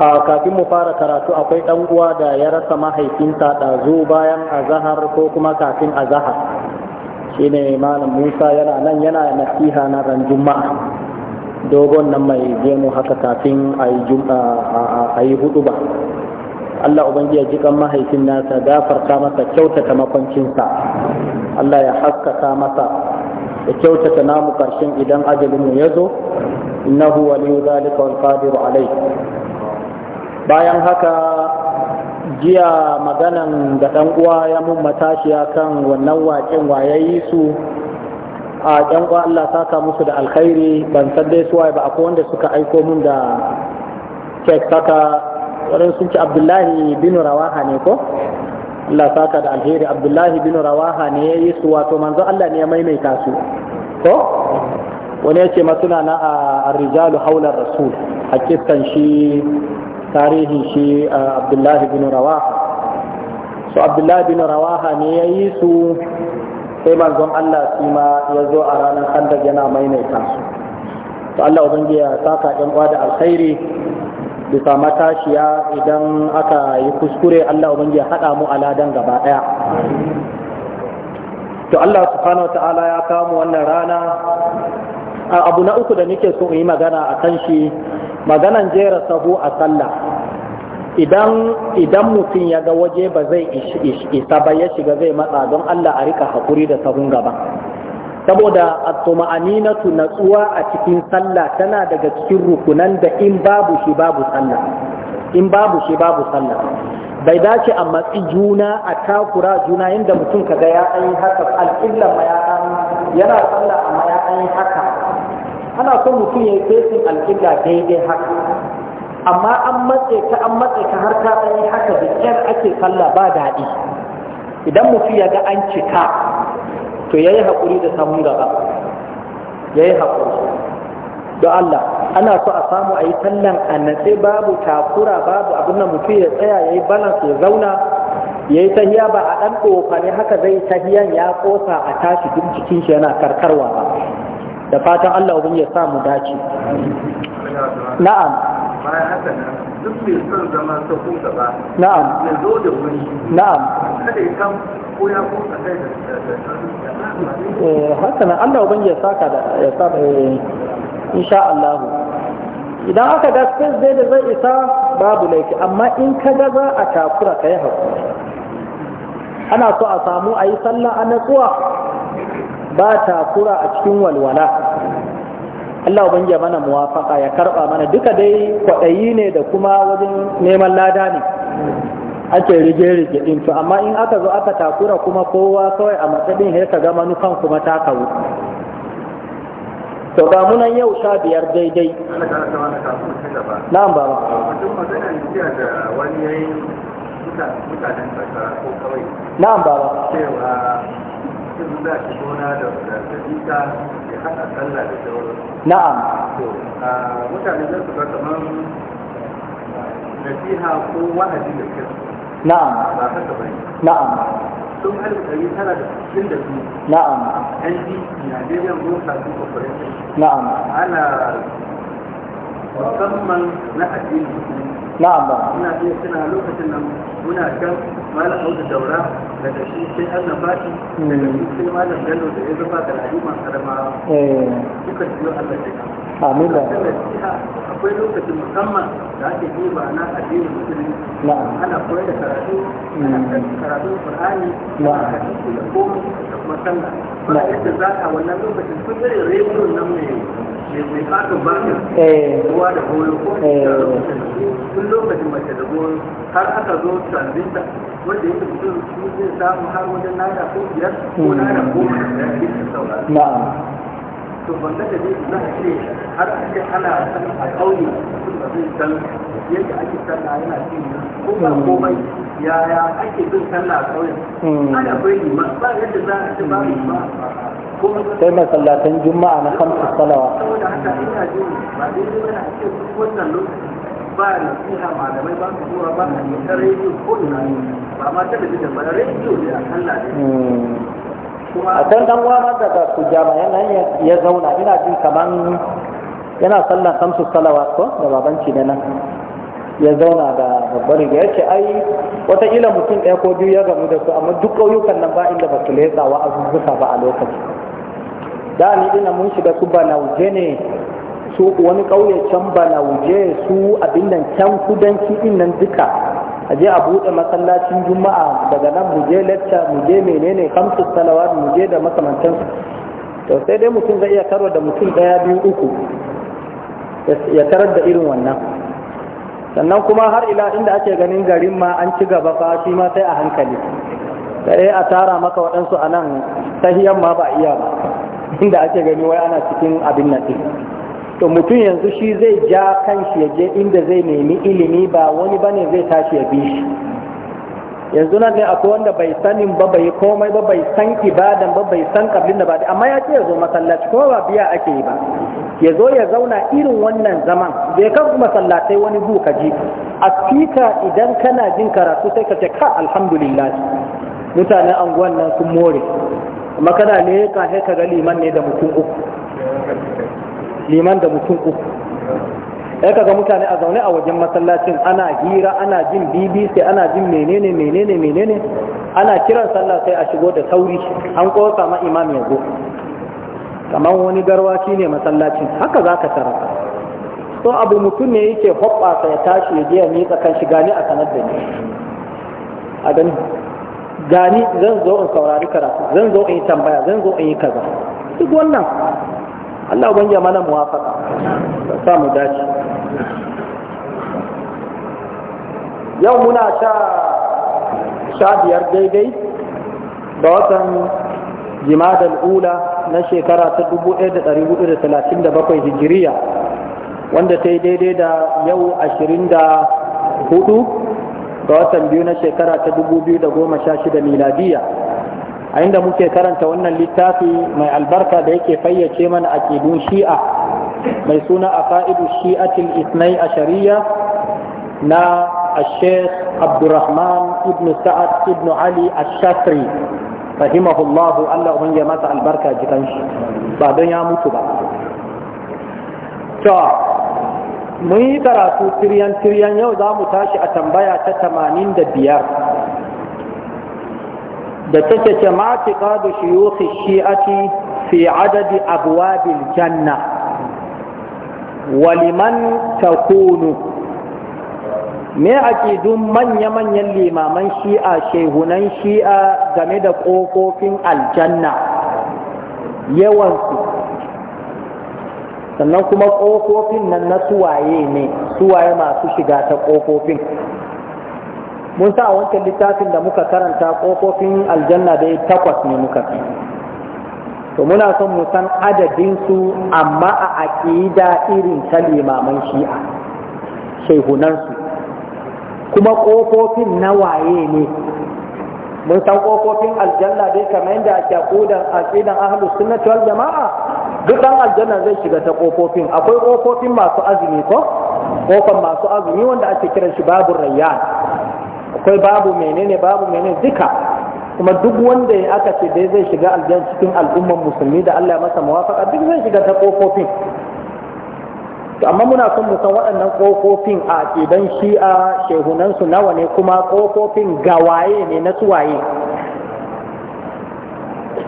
a kafin mu fara karatu akwai ɗan uwa da ya rasa mahaifinsa ɗazu bayan azahar ko kuma kafin azahar Shi ne malam musa yana nan yana nasiha na ran juma'a dogon nan mai gemu haka kafin a yi hudu ba Allah ubangi ya jikan mahaifin nasa gafarta masa kyautata makwancinsa Allah ya haskaka masa ya kyautata namu karshen idan ajalinmu ya zo innahu waliyu zalika wal qadiru alai. bayan haka jiya maganan da ɗan uwa ya mun matashiya kan wannan waƙen waye yi su a ɗan uwa Allah saka musu da alkhairi ban san dai suwaye ba akwai wanda suka aiko mun da kek saka wurin sun ci Abdullahi bin Rawaha ne ko Allah saka da alheri Abdullahi bin Rawaha ne ya yi su wato manzo Allah ne ya maimaita su ko wani ya ce masuna na a rijalu haular rasul hakikan shi Tarihi shi abdullahi bin rawaha so abdullahi bin rawaha ne ya yi su sai manzon Allah su ma ya zo a ranar kandar yana maimaita su to Allah ubangi ya saka ɗan uwa da alkhairi bisa matashiya idan aka yi kuskure Allah ubangi ya haɗa mu a ladan gaba ɗaya to Allah subhanahu ta'ala ya kamu wannan rana abu na uku da nake so in yi magana a kan shi maganan jera sahu a sallah idan idan mutum ya ga waje ba zai isa ba ya shiga zai matsa don Allah a rika hakuri da sahun gaba saboda at-tuma'aninatu natsuwa a cikin sallah tana daga cikin rukunan da in babu shi babu sallah in babu shi babu sallah bai dace a matsi juna a takura juna inda mutum kaga ya an haka al'illa ma ya yana sallah amma ya an haka ana son mutum ya yi fesin alƙida daidai haka amma an matse ka an matse ka har ka ɗan yi haka da ƙyar ake sallah ba daɗi idan mutum ya ga an cika to ya yi haƙuri da samun gaba ya yi haƙuri da Allah ana so a samu a yi tallan a natse babu takura babu abin da mutum ya tsaya ya yi balans ya zauna ya yi tahiya ba a ɗan ƙofa ne haka zai tahiyan ya ƙosa a tashi duk jikin shi yana karkarwa ba da fatan Allah ubin ya samu dace na'am bayan haka duk son zama ta kusa ba na'am ya zo da wuri na'am kada ya kan ko a kai da eh, Allah ubin ya saka da ya saka eh, insha Allah idan aka ga space dai da zai isa babu laifi amma in ka ga za a takura ka yi hakuri ana so a samu a yi sallah a natsuwa ba takura a cikin walwala Allah ubangiji mana muwafaka ya karba mana duka dai kwaɗayi ne da kuma wajen neman lada ne ake rige-rige din to amma in aka zo aka takura kuma kowa kawai a matsayin ya ka ga manufan kuma ta kawo to ga munan yau sha biyar daidai na'am baba na'am baba mutum za gona da sadika ya haɗa sallah da na'am mutane za su ga kamar nasiha ko wa'azi da kyau na'am ba haka bane na'am sun tana da cikin da su na'am ndc nigerian broadcasting corporation na'am ana musamman na addinin musulunci na'am ba ina iya suna lokacin nan muna kan malam audu daura daga shi sai allah fati daga shi sai malam bello da ya zama da al'umma karamawa eh. duka allah ya kama amin da akwai lokacin musamman da ake ba na addinin musulmi ana koyar da karatu ana hmm. karatu qur'ani na hadisi da komai da kuma sallah ba yadda za a wannan lokacin sun har aka zo transinta wanda yake mutum shi zai samu har wajen naira ko biyar ko to ban a ce har a ana a ƙauye yadda ake sallah yana yaya ake bin sallah a Ana bai liman ba yadda za a ce ba sai masallatan juma'a na kamsu salawa hmm. a ta rediyo ma can dan daga ku jami'an nan ya zauna ina jin kaman yana sallan kamsu salawa ko da babanci ne nan ya zauna da babbar riga ya ce ai ila mutum ɗaya ko biyu ya gamu da su amma duk ƙauyukan nan ba inda ba su lesa wa azuzzuka ba a lokaci da ni ina mun shiga su banauje ne su wani ƙauye can banauje su abin nan can kudanci din nan duka a je a buɗe masallacin juma'a daga nan mu je lecture mu menene kamsu salawat mu je da makamantan to sai dai mutum zai iya karo da mutum ɗaya biyu uku ya tarar da irin wannan sannan kuma har ila inda ake ganin garin ma an ci gaba fa shi ma sai a hankali sai a tara maka waɗansu a nan tahiyan ma ba iya ba inda ake gani wai ana cikin abin nan din to mutum yanzu shi zai ja kan shi ya je inda zai nemi ilimi ba wani bane zai tashi ya bi shi yanzu nan ne akwai wanda bai sanin ba bai komai ba bai san ibadan ba bai san kabilin da ba amma ya ce ya zo masallaci kuma ba biya ake yi ba ya ya zauna irin wannan zaman bai kan masallatai wani bu ka ji a fika idan kana jin karatu sai ka ce ka alhamdulillah mutanen anguwan nan sun more amma kana ne ka sai ka ga liman ne da mutum uku liman da mutum uku sai ka ga mutane a zaune a wajen masallacin ana hira ana jin bbc ana jin menene menene menene ana kiran sallah sai a shigo da sauri an kosa ma imam zo, kamar wani garwaci ne masallacin haka za ka tara to abu mutum ne yake sai ya tashi ya je ya miƙa kan shiga ne a sanar da ni a gani gani zan zo in saurari karatu zan zo in yi tambaya zan zo in yi kaza duk wannan Allah ubangiya mana muwafaka sa mu dace yau muna sha sha biyar daidai da watan jimadal ula na shekara ta 1437 hijiriya wanda ta yi daidai da yau 24 ga watan biyu na shekara ta dubu biyu da goma sha 2016 miladiya a inda muke karanta wannan littafi mai albarka da yake fayyace mana a kidun shi'a mai suna a fa’idu shi'atil isnai a shari'a na al-sheikh abdurrahman ibn sa'ad ibnu ali al-shatri rahimahullah Allah uban ya masa albarka jikan shi ba don ya mutu ba mun yi karatu tiryan tiryan yau za mu tashi a tambaya ta tamanin da biyar da take ce ma ti kadu shiyuhi shi'ati fi adadi abwabil janna waliman kunu. me akidun manya-manyan limaman shi'a shehunan shi'a game da ƙofofin aljanna yawansu sannan kuma ƙofofin nan na suwaye ne suwaye masu shiga ta ƙofofin mun sa a wancan littafin da muka karanta ƙofofin aljanna dai takwas ne muka fi, to muna son mu san su amma a aƙida irin ta limaman shi'a shaihunansu kuma ƙofofin na waye ne mun san ƙofofin aljanna dai kamar yadda ake aƙidan ahlus sunnati wal jama'a duk dan aljanna zai shiga ta kofofin akwai kofofin masu azumi ko kofan masu azumi wanda ake kiran shi babu rayyan akwai babu menene babu menene duka kuma duk wanda ya aka ce dai zai shiga aljanna cikin al'umman musulmi da Allah ya masa muwafaqa duk zai shiga ta kofofin to amma muna son mu san waɗannan kofofin a aqidan shi'a shehunan su nawa ne kuma kofofin gawaye ne na suwaye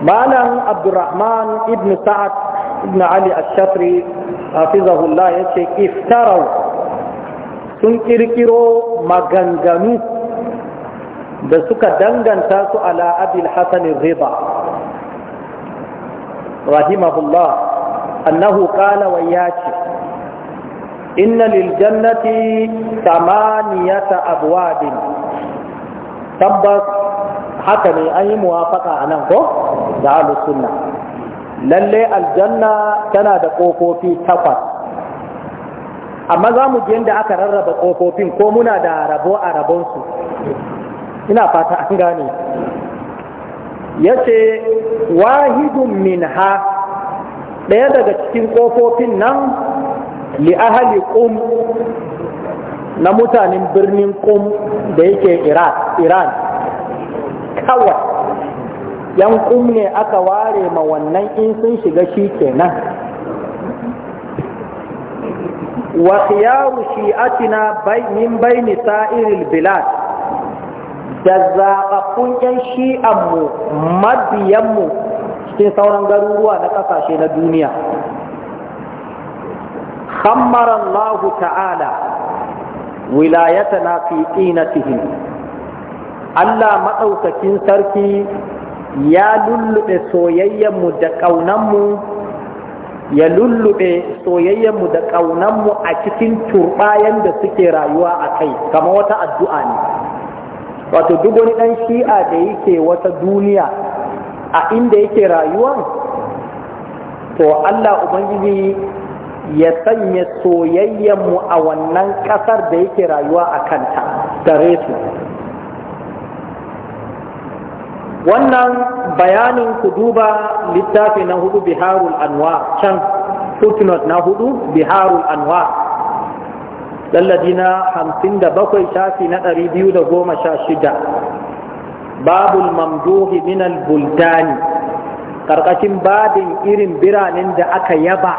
malam abdurrahman ibn sa'ad ibn ali ash-shafri hafizahullah yace iftarau sun kirkiro maganganu da suka danganta su ala abil hasan riba rahimahullah annahu qala wa yace inna lil jannati thamaniyata abwabin tabbas haka ne an yi muwafaka a nan ko da alusunna lalle aljanna tana da ƙofofi takwas amma za mu yadda aka rarraba ƙofofin ko muna da rabo a rabonsu ina fata an gane ya ce wahidun min ha ɗaya daga cikin ƙofofin nan li ahali ƙum na mutanen birnin ƙum da yake iran kawai yan kum ne aka ware ma wannan in sun shiga shi kenan wa khiyaru shi'atina min bayni sa'iril bilad da zaɓaɓɓun yan shi'anmu mabiyanmu cikin sauran garuruwa na ƙasashe na duniya khammara Allah ta'ala wilayatana fi qinatihim Allah madaukakin sarki ya lullube soyayyenmu da ƙaunanmu ya lullube soyayyenmu da ƙaunanmu a cikin turɓayen da suke rayuwa a kai kama wata addu'a ne wato duk wani ɗan shi'a da yake wata duniya a inda yake rayuwa to Allah Ubangiji ya sanya soyayyenmu a wannan ƙasar da yake rayuwa a kanta gare su wannan bayanin ku duba littafi na hudu biharul anwa can footnote na hudu biharul anwa na hamsin da bakwai shafi na ɗari biyu da goma sha shida babul mamduhi minal Bultani, ƙarƙashin babin irin biranen da aka yaba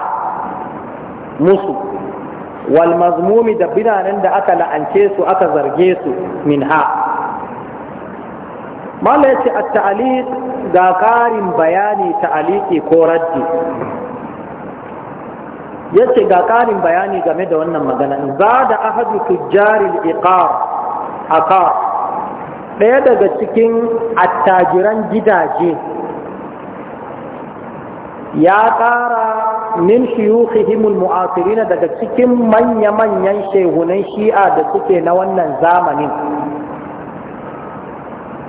musu wal mazmumi da biranen da aka la'ance su aka zarge su min ha mala ya ce a ta'aliq ga ƙarin bayani ta'aliki ko raddi ya ce ga ƙarin bayani game da wannan magana za da ahadu tujjaril iqar aka ɗaya daga cikin attajiran gidaje ya ƙara min shiyukhihim mu'asirina daga cikin manya-manyan shehunan shi'a da suke na wannan zamanin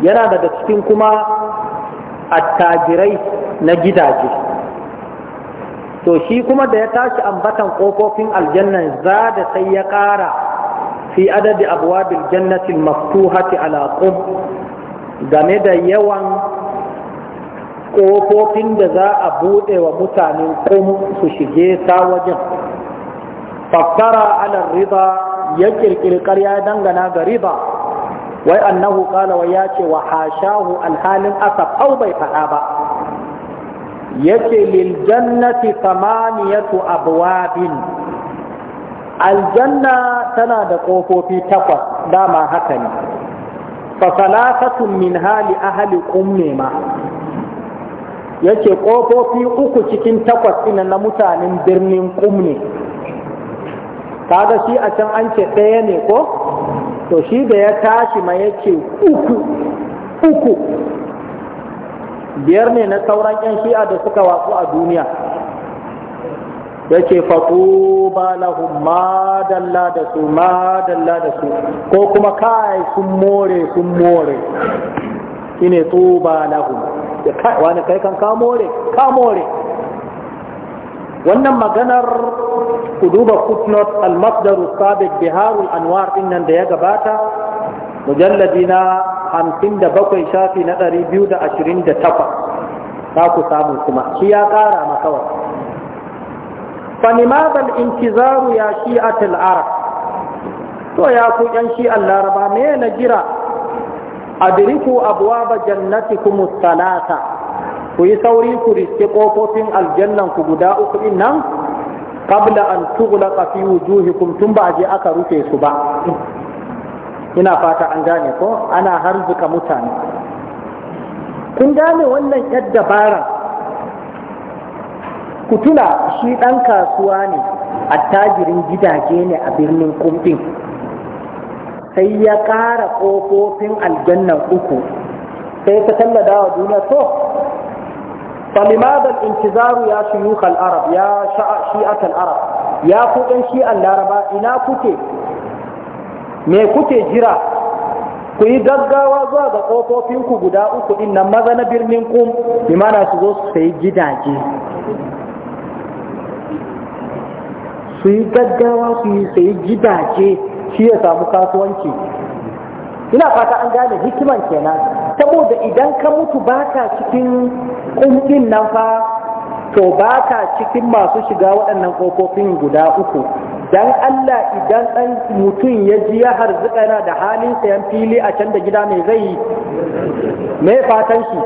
yana daga cikin kuma attajirai na gidaje to shi kuma da ya tashi ambatan ƙofofin aljanna za da sai ya ƙara fi adadi abwabil jannati maftuhati ala game da yawan ƙofofin da za a buɗe wa mutanen ƙum su shige ta wajen fakkara ala riba ya ƙirƙiri ƙarya dangana ga riba wai annahu kala wa ya ce wa hashahu alhalin aka au bai faɗa ba ce lil jannati thamaniyatu abwabin aljanna tana da ƙofofi takwas dama haka ne fa salatatun min hali ahli ummi ma yace kofofi uku cikin takwas ina na mutanen birnin ƙumne Ka ga shi a can an ce ɗaya ne ko to shi da ya tashi ma ya ce uku uku biyar ne na sauran 'yan shi'a da suka watsu a duniya ya ce faɗo ba lahun madalla da su madalla da su ko kuma kai sun more sun more shi ne tsoba lahun wani kai kan ka more ka more wannan maganar ku duba footnote al-masdar sabiq biharul anwar din nan da ya gabata mujalladi na bakwai shafi na 228 za ku samu kuma shi ya kara maka wa فلماذا الانتظار يا a العرب to ya ku yan shi laraba me na jira adriku abuwa ba jannati ku yi sauri ku riske kofofin aljannan ku guda uku din nan Kabla an tughlaqa fi kum tun ba je aka rufe su ba ina fata an gane ko ana harzuka mutane kun gane wannan yadda dabara ku tuna shi ɗan kasuwa ne attajirin gidaje ne a birnin kumfin sai ya ƙara ƙofofin aljannan uku sai ta tallada wa duniya to فلماذا الانتظار يا شيوخ العرب يا شيعة العرب يا كوكن شيعة العرب إنا كوكي me kuke jira ku yi gaggawa zuwa ga ƙofofinku guda uku ɗin nan maza na birnin kum imana su zo su sayi gidaje su yi gaggawa su yi gidaje shi ya samu kasuwanci ina fata an gane hikiman kenan saboda idan ka mutu ba ka cikin kumɗin nan fa to ba ka cikin masu shiga waɗannan ƙofofin guda uku dan Allah idan ɗan mutum ya ji ya harzuka yana da halin sayan fili a can da gida mai zai yi mai fatan shi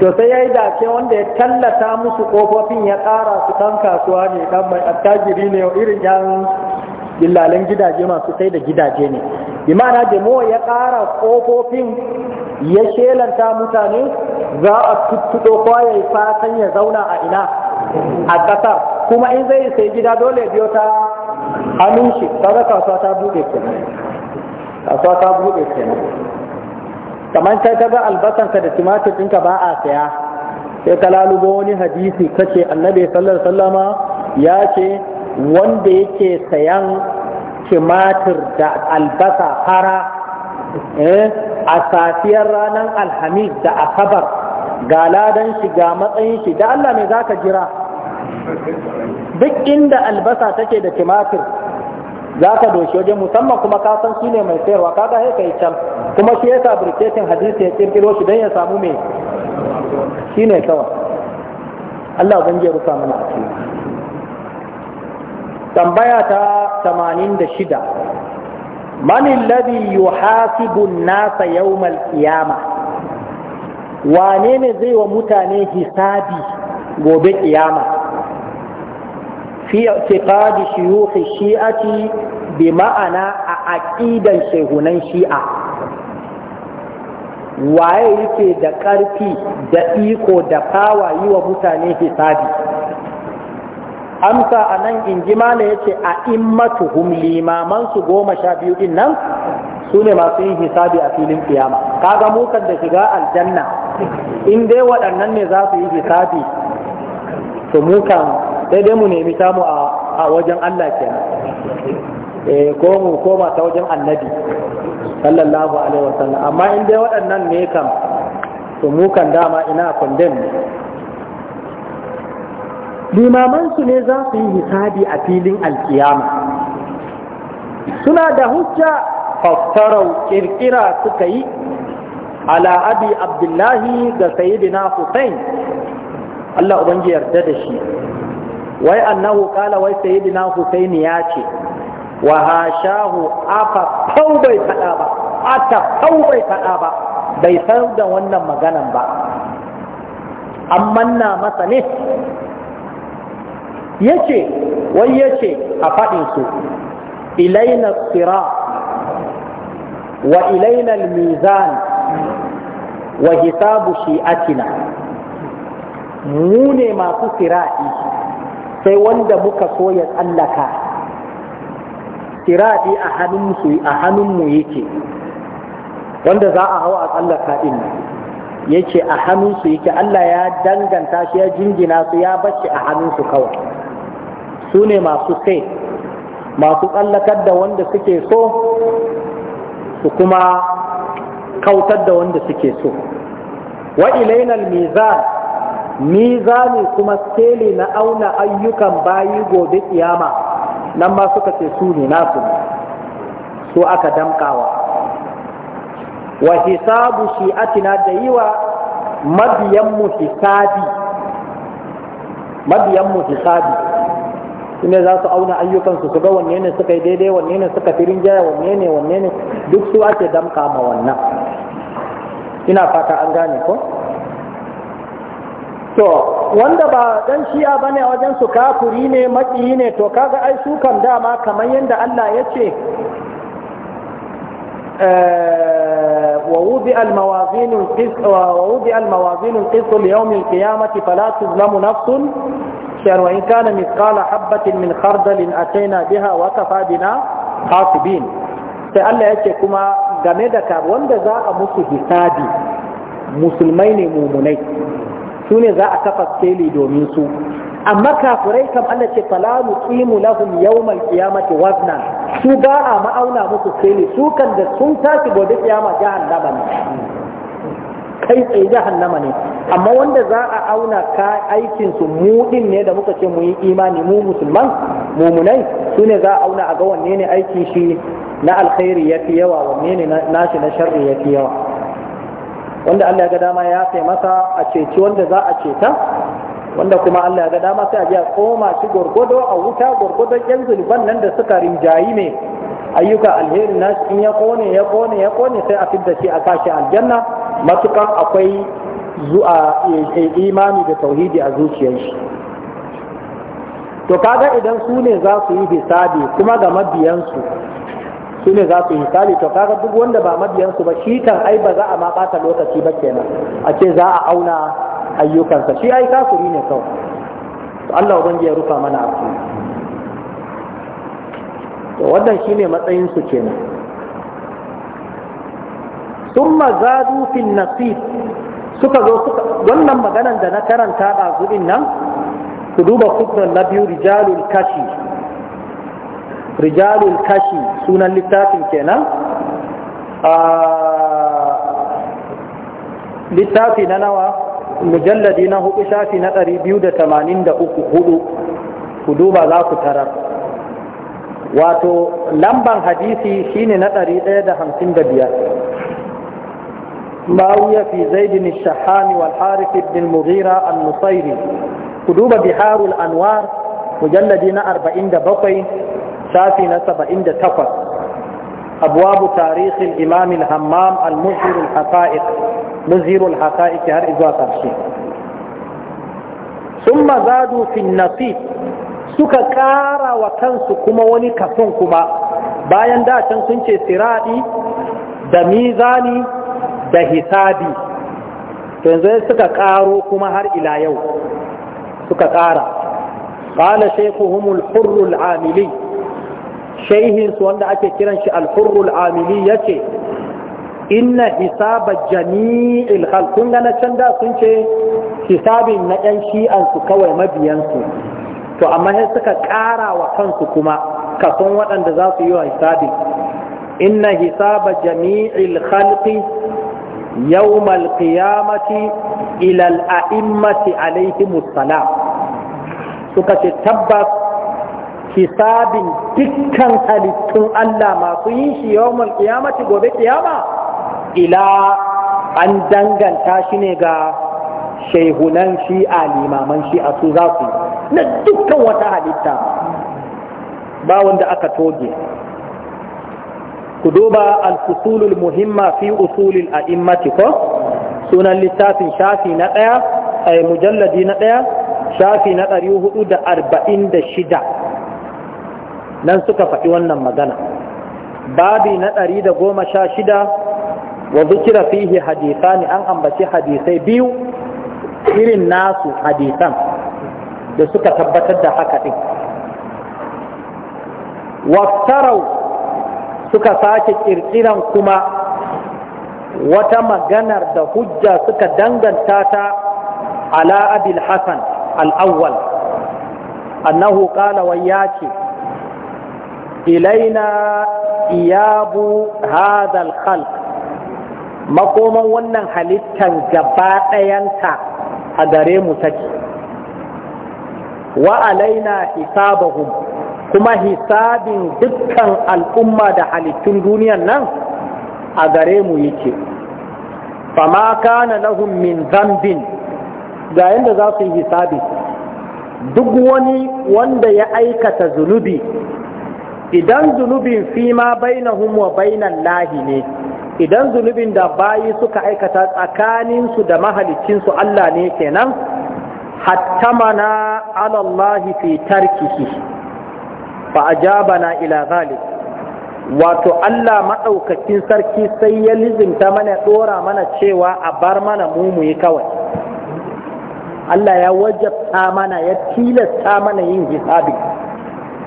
to sai ya yi dace wanda ya tallata musu ƙofofin ya ƙara su ɗan kasuwa ne ɗan mai attajiri ne irin yan gidaje masu sai da gidaje ne Imana demo da mu ya ƙara ƙofofin ya shelanta mutane za a tuttuɗo kwaye fatan ya zauna a ina a ƙasar kuma in zai sai gida dole biyo ta hannun shi kaga kasuwa ta buɗe kenan kasuwa ta buɗe kenan kamar kai ta ga albasanka da tumatir ɗinka ba a saya sai ka lalubo wani hadisi kace annabi sallallahu alaihi wasallama ya ce wanda yake sayan timatir da albasa fara eh, a safiyar ranar alhamis da asabar ga ladan shi ga matsayin shi da Allah ne za jira duk inda albasa take da timatir za ka doshi waje musamman kuma kasan san shi mai sayarwa kaga sai kai can kuma shi ya fabricatin hadisi ya kirkiro shi don ya samu mai shi ne kawai Allah ban je rufa mana a tambaya ta 86 man alladhi yuhasibu an-nasa yawm al-qiyamah wane ne zai wa mutane hisabi gobe kiyama fi i'tiqadi shuyukh shi'ati bi ma'ana a aƙidan shehunan shi'a waye yake da ƙarfi da iko da fawa yi wa mutane hisabi amsa a nan in ji mala ya ce a immatuhum limaman su goma sha biyu din nan su ne masu yin hisabi a filin kiyama kaga mukan da shiga aljanna in dai waɗannan ne za su yi hisabi to mukan sai dai mu nemi samu a wajen Allah kenan eh ko mu koma ta wajen annabi sallallahu alaihi wasallam amma in dai waɗannan ne kam to mukan dama ina condemn limamansu ne za su yi hisabi a filin alkiyama suna da hujja fastarau kirkira suka yi ala abi abdullahi da sayyidina Hussein Allah ubangi yarda da shi wai annahu kala wai sayyidina Hussein ya ce wa hashahu afa kau bai fada ba ata kau bai fada ba bai san da wannan maganan ba amma na masa ne yace wai yace a faɗin su ilaina sira wa ilaina mizan wa hisabu shi'atina mu ne masu sira'i sai wanda muka so ya tsallaka sira'i a hannunmu a hannunmu yake wanda za a hau a tsallaka din yake a hannunsu yake Allah ya danganta shi ya jingina su ya bashi a hannunsu kawai su ne masu sai masu tsallakar da wanda suke so su kuma kautar da wanda suke so wa ilainal mizan mizani kuma skeli na auna ayyukan bayi gobe tsiyama, nan ma suka ce su ne nasu su aka damkawa wa hisabu shi'atina da yi wa mabiyanmu hisabi mabiyanmu hisabi ne za su auna ayyukansu su ga wanne ne suka yi daidai wanne ne suka firin jaya wanne ne wanne ne duk su ake damka ma wannan ina fata an gane ko to wanda ba dan shi'a bane a wajen su kafuri ne maƙiyi ne to kaga ai su kam dama kamar yadda Allah ya ce ووضع الموازين القسط ووضع الموازين القسط ليوم القيامة فلا تظلم نفس shay'an wa in kana mithqala habatin min khardalin ataina biha wa kafa bina hasibin sai Allah yake kuma game da ka wanda za a musu hisabi musulmai ne mumunai su ne za a kafa seli domin su amma kafirai kam Allah ce fala nuqimu lahum yawmal qiyamati wazna su ba a ma'auna musu seli su kan da sun tashi gobe kiyama jahannama ne kai tsaye jahannama ne amma wanda za a auna ka aikin su mu din ne da muka ce mu yi imani mu musulman mumunai su ne za a auna a ga wanne ne aikin shi na alkhairi ya fi yawa wanne ne na shi na sharri ya fi yawa wanda Allah ya ga dama ya sai masa a ceci wanda za a ceta wanda kuma Allah ya ga dama sai a ji a koma shi gorgodo a wuta gorgodo yan zulban nan da suka rinjayi ne ayyuka alheri na in ya kone ya kone ya kone sai a fidda shi a kashi aljanna matukan akwai zuwa imani da tauhidi a zuciyar shi to kaga idan su ne za su yi hisabi kuma ga mabiyansu su ne za su yi hisabi to kaga duk wanda ba mabiyansu ba shi kan ai ba za a ma bata lokaci ba kenan a ce za a auna ayyukansa shi ai kafiri ne kawai Allah ubangi ya rufa mana asiri to wannan shine matsayin su kenan ثم زادوا في النصيب suka zo suka wannan maganan da na karanta zuɗin nan ku duba kudin na biyu rijalul kashi rijalul kashi sunan littafin kenan a littafi na nawa mujalladi na hudu shafi na ɗari biyu da tamanin da uku ku duba za ku tarar wato lamban hadisi shine na ɗari ɗaya da hamsin da biyar معاوية في زيد الشحام والحارث بن المغيرة النصيري كدوب بحار الأنوار مجلدين أربعين بقي شافي نسبعين تقص أبواب تاريخ الإمام الهمام المزهر الحقائق مزهر الحقائق هر إذا ترشي ثم زادوا في النصيب suka ƙara wa kansu kuma wani kafin kuma bayan da can sun ce siraɗi da mizani da hisabi to yanzu suka karo kuma har ila yau suka kara qala shaykhuhum al amili su wanda ake kiran shi al-hurr al-amili yace hisaba jami'il khalq kun na can da sun ce hisabin na yan shi'an kawai mabiyansu to amma sai suka kara wa kansu kuma kafin waɗanda za su yi wa hisabin inna hisaba jami'il khalqi يوم القيامة إلى الأئمة عليهم السلام سكت تبت حساب تكن هلتن ألا ما تنش يوم القيامة قبل القيامة إلى أن دنغن تاشنغا شيخنا شيئا لإماما من شيء na dukkan وتعالي halitta ba wanda aka toge ku duba al muhimma fi usulil a'immati ko sunan littafin shafi na ɗaya ai mujalladi na ɗaya shafi na ɗari hudu da arba'in da shida nan suka faɗi wannan magana babi na ɗari da goma sha shida wa zukira fihi hadisani an ambaci hadisai biyu irin nasu hadisan da suka tabbatar da haka ɗin waftarau suka sake kirkiran kuma wata maganar da hujja suka danganta ta ala abil hasan al'awwal annahu qala ya ce ilaina iyabu hadal khalq makoman wannan halittan gaba ɗayanta a gare mu take wa alaina hisabahum kuma hisabin dukkan al'umma da halittun duniyan nan a gare mu yake fama kana lahum min zambin ga yadda za su yi hisabi duk wani wanda ya aikata zunubi idan zunubin fi ma bainahum wa bainan lahi ne idan zunubin da bayi suka aikata tsakaninsu da mahalicinsu Allah ne kenan hattamana alallahi fi tarkihi fa na ila zalik wato Allah maɗaukakin sarki sai ya lizinta mana ɗora mana cewa a bar mana mumuyi kawai Allah ya wajabta mana ya tilasta mana yin hisabi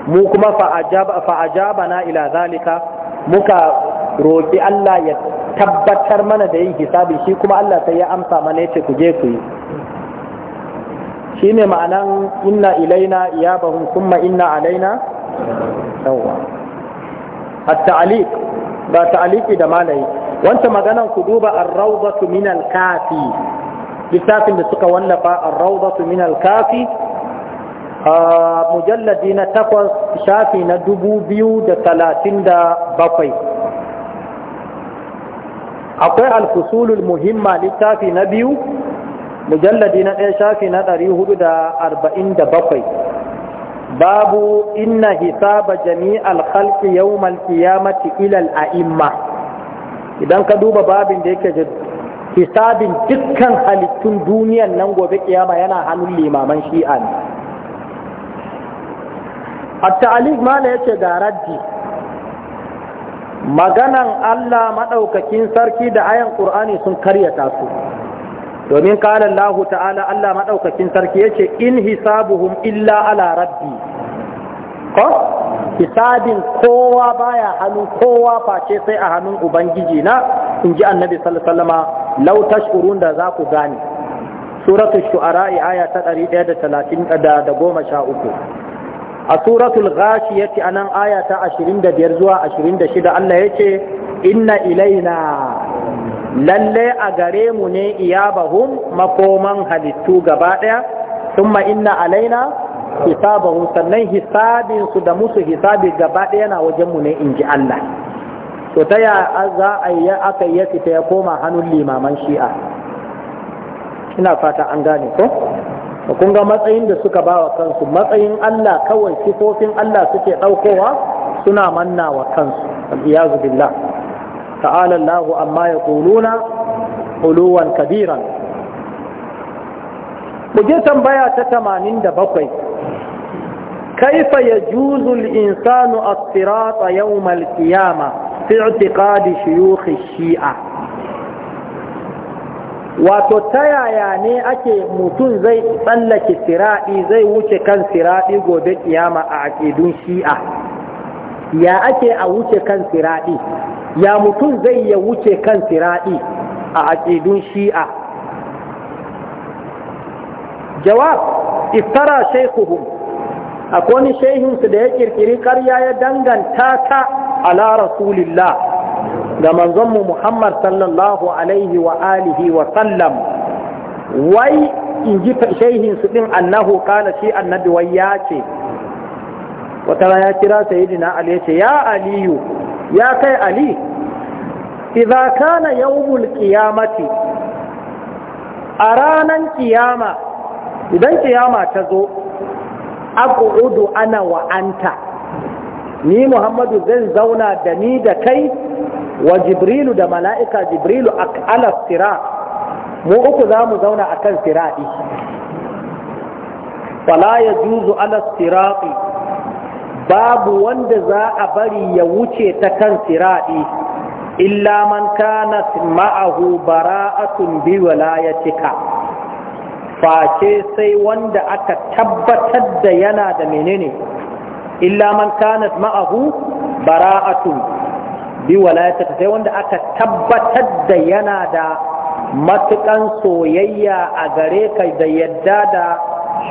mu kuma fa'ajaba na ila zalika muka roki Allah ya tabbatar mana da yin hisabi shi kuma Allah sai ya amsa mana yace ku je ku yi shine ma'anan inna ilaina iyabahum kuma inna alaina yawa at-ta'liq ba ta'liqi da malai wanta maganan ku duba ar-rawdatu min al-kafi littafin da suka wallafa ar-rawdatu min al-kafi mujalladi na takwas shafi na dubu biyu da talatin da bakwai akwai alfusulul muhimma littafi na biyu mujalladi na ɗaya shafi na ɗari hudu da arba'in da bakwai babu inna hisaba jami'al khalqi yawmal qiyamati ila al a'imma idan ka duba babin da yake hisabin dukkan halittun duniyan nan gobe kiyama yana hannun limaman shi'a ne at-ta'liq ma yace ga raddi maganan Allah maɗaukakin sarki da ayan Qur'ani sun karyata su domin qala Allah ta'ala Allah maɗaukakin sarki ce in hisabuhum illa ala rabbi ko hisabin kowa baya hannun kowa face sai a hannun ubangiji na in ji annabi sallallahu alaihi wasallama law tashkurun da za ku gane suratul shu'ara aya ta 133 a suratul ghashiyati anan aya ta 25 zuwa 26 Allah yace inna ilaina lalle a gare mu ne iyabahum makoman halittu gaba ɗaya thumma inna alaina hisabahum sannan hisabin su da musu hisabi gaba ɗaya na wajen mu ne inji Allah to ta ya za a yi aka yi fita ya koma hannun limaman shi'a ina fata an gane ko kun ga matsayin da suka ba wa kansu matsayin Allah kawai sifofin Allah suke ɗaukowa suna manna wa kansu al'iyazu billah ta'ala Allahu amma yaquluna uluwan kabiran mu je tambaya ta tamanin 87 كيف يجوز الإنسان الصراط يوم القيامة في اعتقاد شيوخ shi'a. wato ta yaya ne ake mutum zai tsallake siraɗi zai wuce kan siraɗi gobe ƙiyama a aƙidun shi'a ya ake a wuce kan siraɗi ya mutum zai ya wuce kan siraɗi a aƙidun shi'a jawab iftara shaikuhum akwai wani shaihinsu da ya ƙirƙiri ƙarya ya danganta ta ala rasulillah ga manzonmu muhammad sallallahu alaihi wa alihi wa sallam wai in ji shaihinsu ɗin annahu kana shi annabi wai ya ce wata ya kira sayidina ali ya ce ya aliyu ya kai ali idza kana yawmul qiyamati a ranan kiyama idan kiyama ta zo aqudu ana wa anta ni muhammadu zai zauna da ni da kai wa jibrilu da mala'ika jibrilu ala sirat mu uku za mu zauna akan sirati ya yajuzu ala sirati babu wanda za a bari ya wuce ta kan siraɗi illa man kana ma'ahu bara'atun bi walayatika face sai wanda aka tabbatar da yana da menene illa man kana ma'ahu bara'atun bi walayatika sai wanda aka tabbatar da yana da matukan soyayya a gare ka da yadda da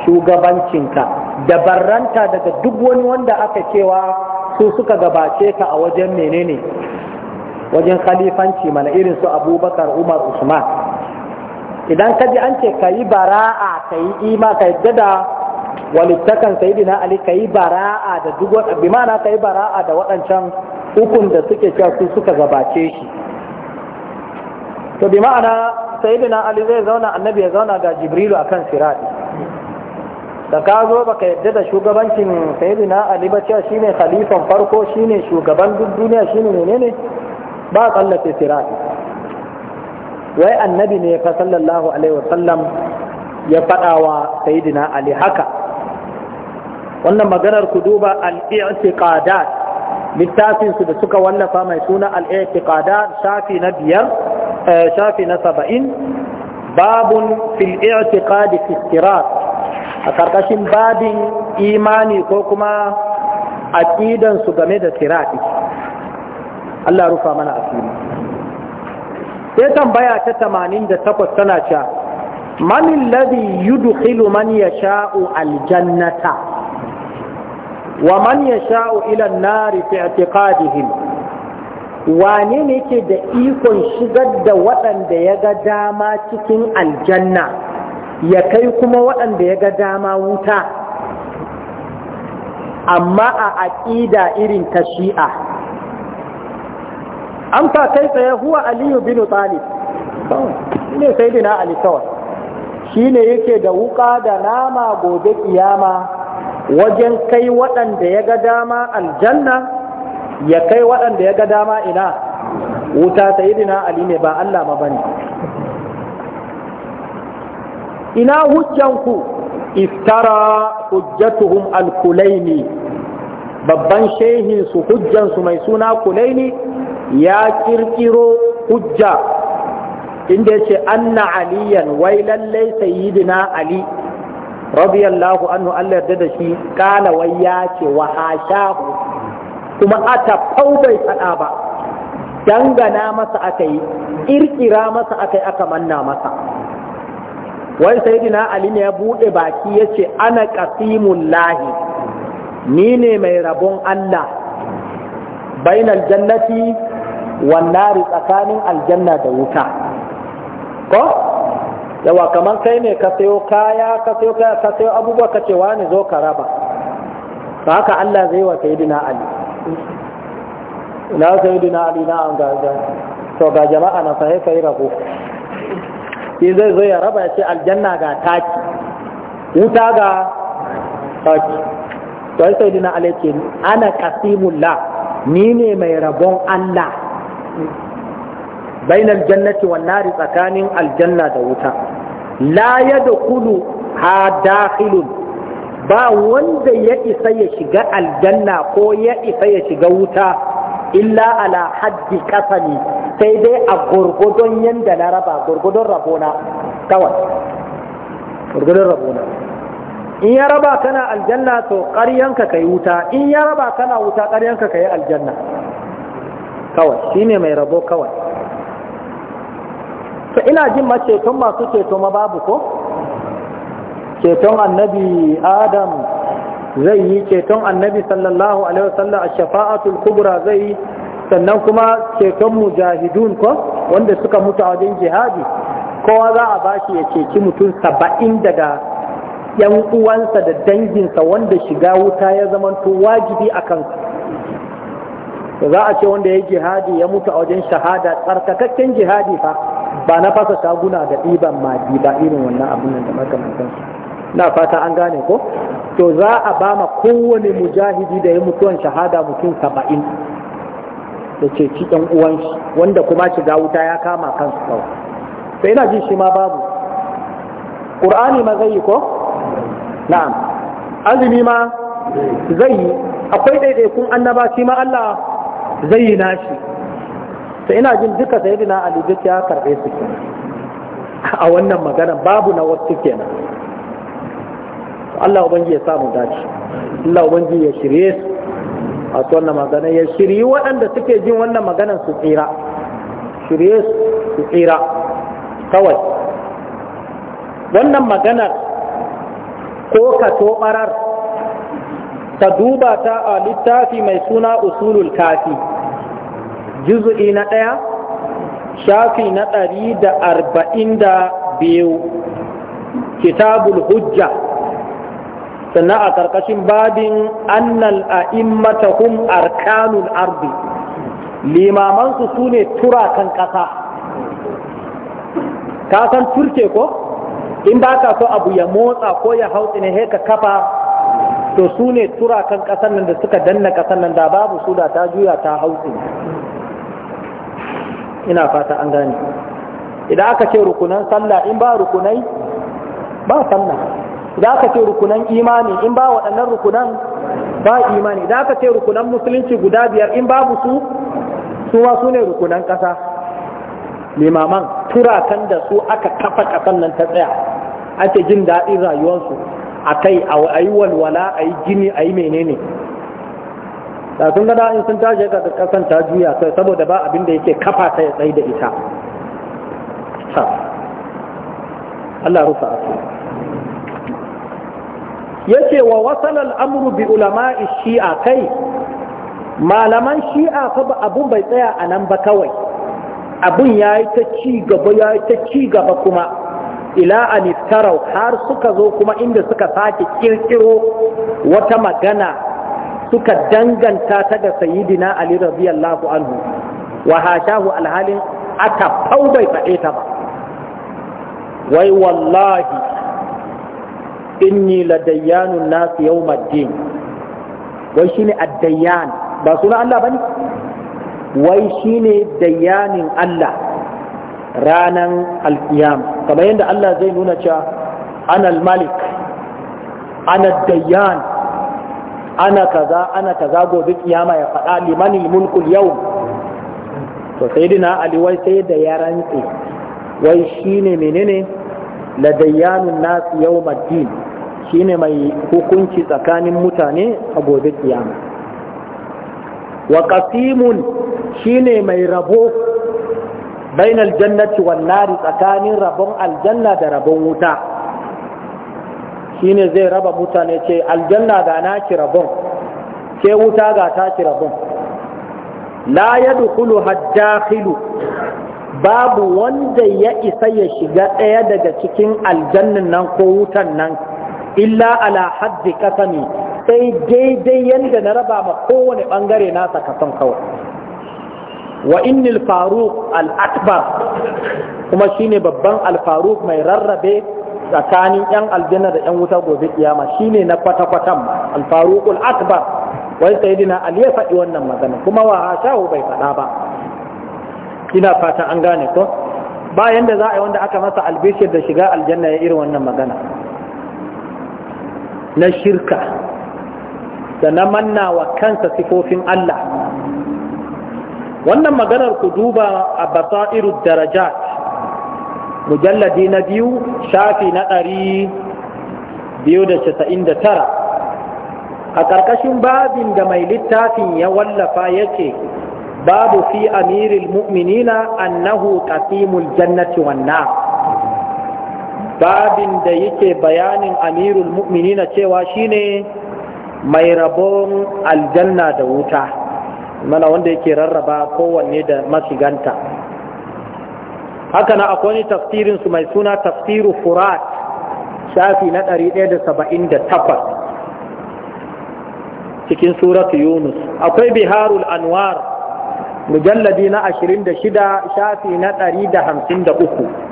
shugabancinka da barranta daga duk wani wanda aka cewa su suka gabace ka a wajen menene wajen khalifanci mana irin su abubakar umar usman idan ka ji an ce ka yi bara'a ka yi ima ka yadda da walittakan sayidina ali ka yi bara'a da duk wani abu mana ka yi bara'a da waɗancan ukun da suke cewa su suka gabace shi to bi ma'ana sayidina ali zai zauna annabi ya zauna ga jibrilu akan sirati da ka zo baka yadda da shugabancin sayyidina ali ba cewa shine khalifan farko shine shugaban duk duniya ne ne ba kallace sirati wai annabi ne fa sallallahu alaihi wasallam ya faɗa wa sayyidina ali haka wannan maganar ku duba al-i'tiqadat littafin su da suka wallafa mai suna al-i'tiqadat shafi na biyar eh, shafi na saba'in babun fil i'tiqadi fi sirat a ƙarƙashin babin imani ko kuma aqidansu game da sirati Allah rufa mana asiri sai tambaya ta 88 tana cewa man alladhi yudkhilu man yasha'u aljannata wa man yasha'u ila an-nari fi i'tiqadihim wane ne yake da ikon shigar da waɗanda ya ga dama cikin aljanna ya kai kuma waɗanda ya ga dama wuta amma a aƙida irin ta shi'a an fa kai tsaye huwa aliyu bin talib ne sai dina ali kawai shi ne yake da wuka da nama gobe kiyama wajen kai waɗanda ya ga dama aljanna ya kai waɗanda ya ga dama ina wuta dina ali ne ba Allah ma bane ina hujjanku iftara hujjatuhum al-kulaini babban shehin su hujjansu mai suna kulaini ya kirkiro hujja inda yace anna aliyan wai lallai sayyidina ali radiyallahu anhu Allah yarda da shi kala wai ya ce wa hashahu kuma ata fau bai fada ba dangana masa aka yi kirkira masa aka yi aka manna masa wai sayyidina ali ne ya bude baki yace ana ƙasimun lahi ni ne mai rabon Allah bainal jannati wannari tsakanin aljanna da wuta ko yawa kamar kai ne ka sayo kaya ka sayo kaya ka sayo abubuwa ka ce wani zo ka raba to haka Allah zai wa sayyidina ali na sayyidina ali na an ga to ga jama'a na sai kai rabo shi zai zo ya raba ya ce aljanna ga taki wuta ga taki to sai dina ali ce ana kasimullah ni ne mai rabon Allah bainal jannati wan nari tsakanin aljanna da wuta la yadkhulu ha dakhilun ba wanda ya isa ya shiga aljanna ko ya isa ya shiga wuta illa ala haddi kasani sai dai a gurgudon yanda na raba gurgudon rabona kawai gurgudon rabona in ya raba kana aljanna to ƙaryanka kai wuta in ya raba kana wuta ƙaryanka kai aljanna kawai shine mai rabo kawai to ina jin ma ceton masu ceto ma babu ko ceton annabi adam zai yi ceton annabi sallallahu alaihi wasallam ash-shafa'atul kubra zai sannan kuma ceton mujahidun ko wanda suka mutu a wajen jihadi kowa za a bashi ya ceci mutum saba'in daga yan uwansa da danginsa wanda shiga wuta ya to wajibi a kansu za a ce wanda ya jihadi ya mutu a wajen shahada tsarkakakken jihadi fa ba na fasa shaguna da ɗiban ma ba irin wannan abin da makamantansu na fata an gane ko to za a ba ma kowane mujahidi da ya mutuwan shahada mutum saba'in da ci ɗan uwan shi wanda kuma ga wuta ya kama kansu kawai sai ina ji shi ma babu ƙur'ani ma zai yi ko na'am azumi ma zai yi akwai ɗaiɗaikun annaba shi ma Allah zai yi nashi sai ina jin duka sayyidina Ali duk ya karɓe su a wannan magana babu na wasu kenan Allah ubangi ya samu dace Allah ubangi ya shirye su a wannan magana ya shiryi waɗanda suke jin wannan maganan su tsira shirye su su tsira kawai wannan maganar ko ka toɓarar, ta duba ta a littafi mai suna usulul kafi juzu'i na ɗaya shafi na ɗari da arba'in da biyu kitabul hujja sannan a karkashin babin annal a'immata hum arkanul ardi limaman su ne turakan ƙasa ka san turke ko in ba ka so abu ya motsa ko ya hautsi ne ka kafa to sune ne turakan ƙasar nan da suka danna ƙasar nan da babu su da ta juya ta hautsi ina fata an gane idan aka ce rukunan sallah in ba rukunai ba sallah da aka ce rukunan imani in ba waɗannan rukunan ba imani da aka ce rukunan musulunci guda biyar in babu su su ma su ne rukunan ƙasa limaman turakan da su aka kafa ƙasan nan ta tsaya ake jin daɗin rayuwarsu a kai a yi walwala a yi gini a yi menene da sun gada in sun tashi ga ƙasan ta juya saboda ba abin da yake kafa ta ya tsaye da ita Allah rufa a yace wa wasalal al'amru bi ulama'i shi'a kai malaman shi'a fa abun bai tsaya a nan ba kawai abun yayi ta ci gaba yayi ta ci gaba kuma ila an iftarau har suka zo kuma inda suka sake kirkiro wata magana suka danganta ta da sayyidina ali radiyallahu anhu wa hashahu alhalin aka fau bai faɗe ta ba wai wallahi inni ladayyanun nas yawmaddin wai shine addayyan ba suna Allah bane wai shine dayyanin Allah ranan alkiyam kamar yadda Allah zai nuna cewa ana malik ana dayyan ana kaza ana kaza gobe kiyama ya faɗa limanil mulkul yau to sayyidina ali wai sai da ya rantse wai shine menene ladayyanun nas yawmaddin shine mai hukunci tsakanin mutane a gobe kiyama wa qasimun shine mai rabo bainal jannati wan tsakanin rabon aljanna da rabon wuta shine zai raba mutane ce aljanna ga naki rabon ke wuta ga taki rabon la yadkhulu hadakhilu babu wanda ya isa ya shiga ɗaya daga cikin aljannin nan ko wutan nan illa ala haddi kasami sai daidai yadda na raba ma kowane bangare nasa kasan kawai wa innil faruq al-akbar kuma shine babban al-faruq mai rarrabe tsakanin yan aljanna da yan wuta gobe kiyama shine na kwata kwatan al-faruq al-akbar wai sayyidina ali ya faɗi wannan magana kuma wa hashahu bai faɗa ba ina fata an gane ko bayan da za a yi wanda aka masa albishir da shiga aljanna ya irin wannan magana na shirka da na manna wa kansa sifofin Allah wannan maganar ku duba a basairu darajat mujalladi na biyu shafi na ɗari biyu da casa'in da tara a ƙarƙashin babin da mai littafin ya wallafa yake babu fi amiril mu'minina annahu qasimul jannati wannan babin da yake bayanin amirul na cewa shine mai rabon aljanna da wuta mana wanda yake rarraba kowanne da mashiganta haka na akwai wani tafsirinsu mai suna tafsiru furat shafi na 178 cikin suratu yunus akwai biharul anwar mujalladi na 26 shafi na 153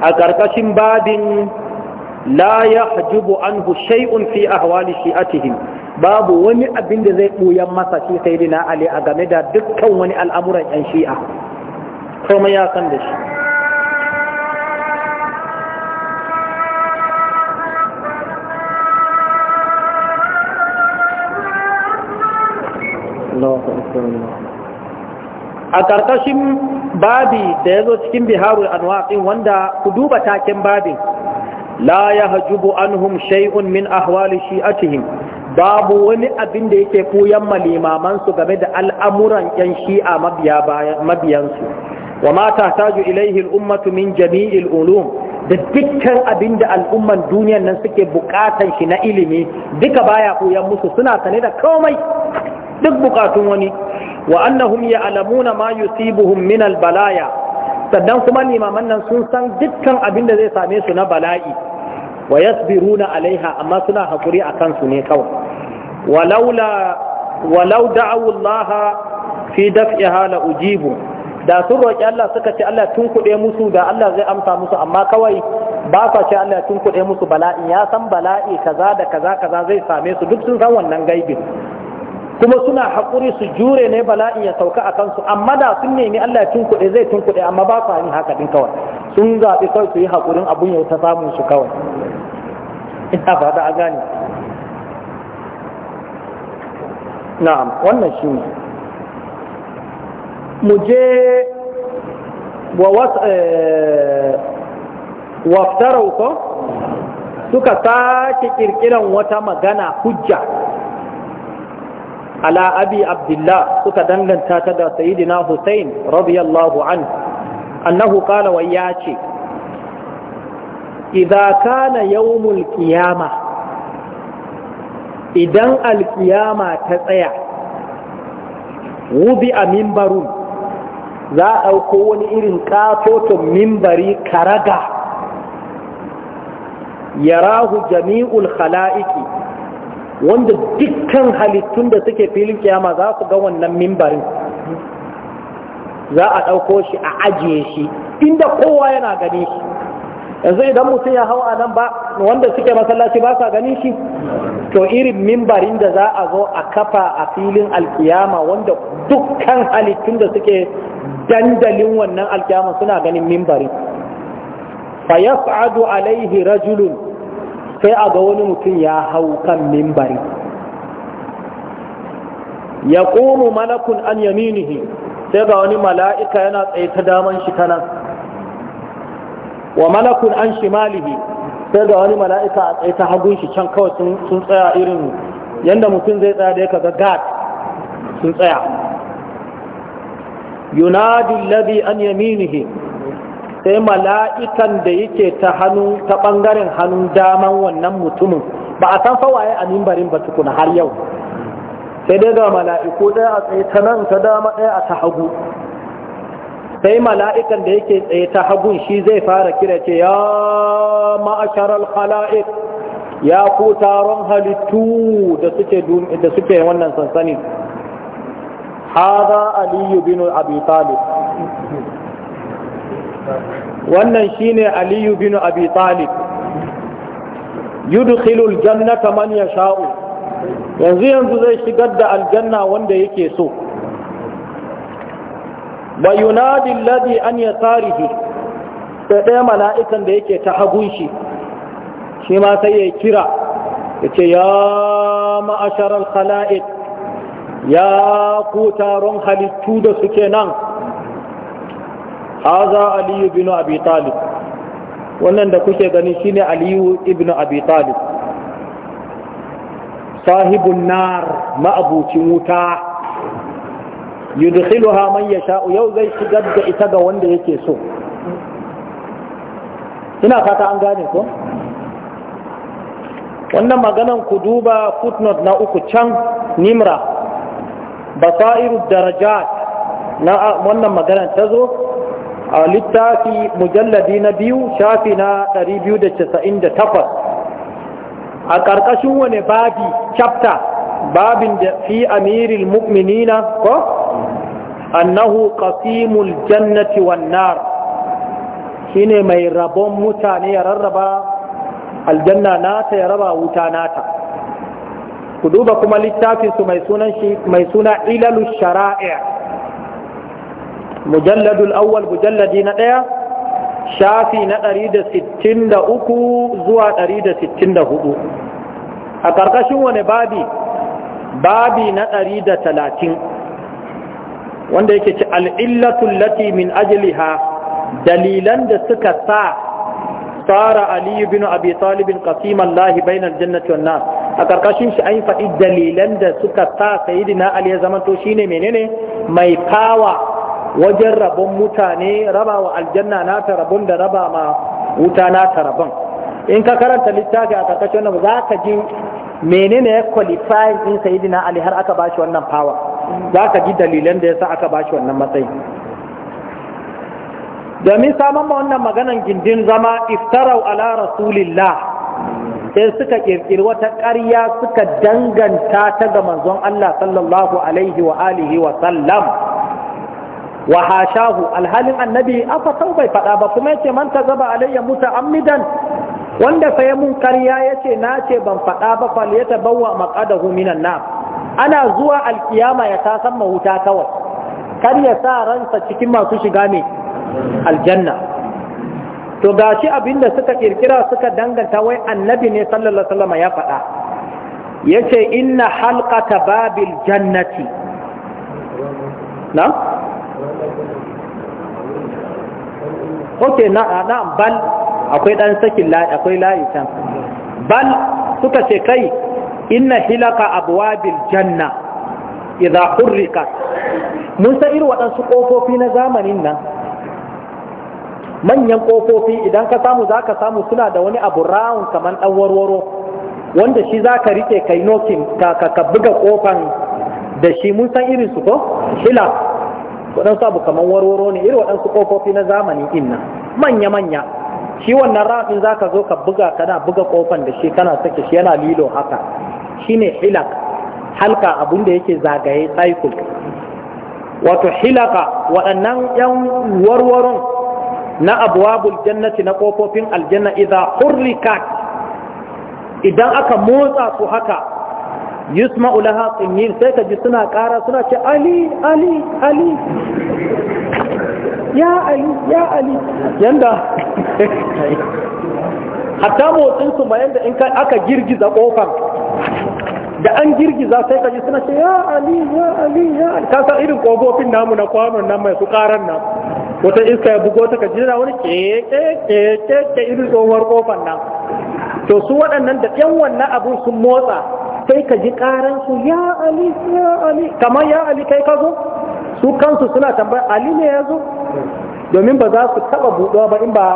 a ƙarƙashin babin la ya hajjubu an shay'un fi ahwali shi'atihim babu wani abin da zai buya masa shi sai dina Ali a game da dukkan wani al'amuran 'yan shi'a kuma ya san da shi Allah a ƙarƙashin babi da ya zo cikin biharul anwaƙin wanda ku duba taken babin la ya hajjubu anhum shay'un min ahwali shi'atihim babu wani abin da yake koyan malimamansu game da al'amuran yan shi'a mabiyansu wa ma tahtaju ilaihi ummatu min jami'il ulum da dukkan abin da al'umman duniyan nan suke bukatan shi na ilimi duka baya koyan musu suna sane da komai duk bukatun wani wa annahum ya'lamuna ma yusibuhum min balaya sannan kuma limaman nan sun san dukkan abin da zai same su na bala'i wa yasbiruna alaiha amma suna hakuri a kansu ne kawai walaula walau da'u fi daf'iha la ujibu da sun roƙi Allah suka ce Allah tun kuɗe musu da Allah zai amsa musu amma kawai ba sa ce Allah tun kuɗe musu bala'in ya san bala'i kaza da kaza kaza zai same su duk sun san wannan gaibin kuma suna haƙuri su jure ne bala'i ya sauka a kansu amma da sun nemi Allah ya tunkuɗe zai tunkuɗe amma ba su yin haka din kawai sun zaɓi kawai su yi haƙurin abun ya ta samun su kawai ina da a gane na'am wannan shi ne mu je wa wasu eh, suka sake kirkiran wata magana hujja ala abi abdullah suka danganta ta da sayyidina Hussein radiyallahu an. annahu kala wa ya ce idza kana yawmul qiyama idan alkiyama ta tsaya wubi a mimbarun za a ɗauko wani irin ƙatoton mimbari karaga rahu jami'ul khala'iki. wanda dukkan halittun da suke filin kiyama za su ga wannan mimbarin za a ɗauko shi a ajiye shi inda kowa yana gani shi yanzu idan mutum ya hau a nan ba wanda suke masallaci ba sa gani shi to irin mimbarin da za a zo a kafa a filin alkiyama wanda dukkan halittun da suke dandalin wannan alkiyama suna ganin mimbarin fa yas'adu alaihi rajulun sai a ga wani mutum ya hau kan mimbari ya ƙunu malakun an yaminihi sai ga wani mala'ika yana tsaye ta daman shi ta nan wa malakun an shimalihi sai ga wani mala'ika a tsaye ta hagun shi can kawai sun tsaya irin yadda mutum zai tsaya da ya kaga gad sun tsaya yunadi ladhi an yaminihi sai mala'ikan da yake ta hannu ta ɓangaren hannun daman wannan mutumin ba a san fawaye a mimbarin ba tukuna har yau sai dai ga mala'iku ɗaya a tsaye ta nan ta dama ɗaya a ta hagu sai mala'ikan da yake tsaye ta hagun shi zai fara kira ce ya ma'asharar hala'ik ya ku taron halittu da suke wannan sansani haza aliyu bin abi talib wannan shine aliyu bin abi talib yudkhilul jannata man yasha'u yanzu yanzu zai shigar da aljanna wanda yake so wa yunadi alladhi an yasarihi sai ɗaya mala'ikan da yake ta hagun shi shi ma sai ya kira ya ce ya ma'asharar khala'iq ya ku taron halittu da suke nan haza aliyu bin abi talib wannan da kuke gani shine aliyu ibn abi talib sahibun nar ma'abucin wuta yudkhiluha man yasha'u yau zai shigar da ita ga wanda yake so ina fata an gane ko wannan maganan ku duba footnote na uku can nimra basairu darajat na wannan maganan ta zo a littafi mujalladi na biyu shafi na 298 a ƙarƙashin wani babi chapter babin da fi amiril mu'minina ko annahu qasimul jannati wan nar shine mai rabon mutane ya rarraba aljanna nata ya raba wuta nata ku duba kuma littafin su mai sunan shi mai suna ilalu shara'i' mujalladul awwal mujalladi na ɗaya shafi na 163 zuwa 164 a ƙarƙashin wani babi babi na 130 wanda yake ci al'illatul lati min ajliha dalilan da suka sa tsara aliyu bin abi talibin qasiman lahi bainal jannati wan a karkashin shi an faɗi dalilan da suka sa sayidina ali ya zamanto shine menene mai fawa wajen rabon mutane raba wa aljanna na ta rabon da raba ma wuta na ta rabon in ka karanta littafi a karkashin wannan za ka ji menene ya qualify din sayyidina ali har aka bashi wannan power za ka ji dalilan da yasa aka bashi wannan matsayi domin saman ma wannan maganan gindin zama iftarau ala rasulillah sai suka kirkiri wata ƙarya suka danganta ta ga manzon Allah sallallahu alaihi wa alihi wa sallam wa hashahu alhalin annabi afa sau bai faɗa ba kuma yace manta zaba alayya muta'ammidan wanda fa mun karya yace na ce ban faɗa ba fal yatabawwa maqadahu minan nar ana zuwa alkiyama ya ta kawai kar ya sa ransa cikin masu shiga ne aljanna to gashi abinda suka kirkira suka danganta wai annabi ne sallallahu alaihi wasallam ya faɗa yace inna halqata babil jannati na ok na'am bal akwai dan sakin layi akwai layi can bal suka ce kai inna hilaka abwabil janna idza hurrika mun san irin waɗansu ƙofofi na zamanin nan manyan ƙofofi idan ka samu za ka samu suna da wani abu rawun kamar ɗan warwaro wanda shi za ka riƙe kai nokin ka buga ƙofan da shi mun san irin ko hilaka. waɗansu abu kamar warwaro ne irin waɗansu ƙofofi na zamani inna manya-manya shi wannan rafin za ka zo ka buga kana buga ƙofan da shi kana sake shi yana lilo haka shine hilak halka abunda da yake zagaye cycle wato hilaka waɗannan yan warwaron na abuwabul jannati na ƙofofin aljanna idan hurrika idan aka motsa su haka yusma ulaha qinnin sai ka ji suna ƙara suna ce ali ali ali ya ali ya ali yanda hatta motsinsu ba yanda in ka aka girgiza kofar da an girgiza sai ka ji suna ce ya ali ya ali ya ali ka san irin ƙofofin namu na kwanon nan mai su ƙaran nan wata iska ya bugo ta ka ji wani ke ke ke ke irin tsohuwar kofar nan to su waɗannan da yan wannan abun sun motsa sai ka ji karansu ya ali ya ali kamar ya ali kai ka zo su kansu suna tambaya ali ne ya zo domin ba za su taba buɗuwa ba in ba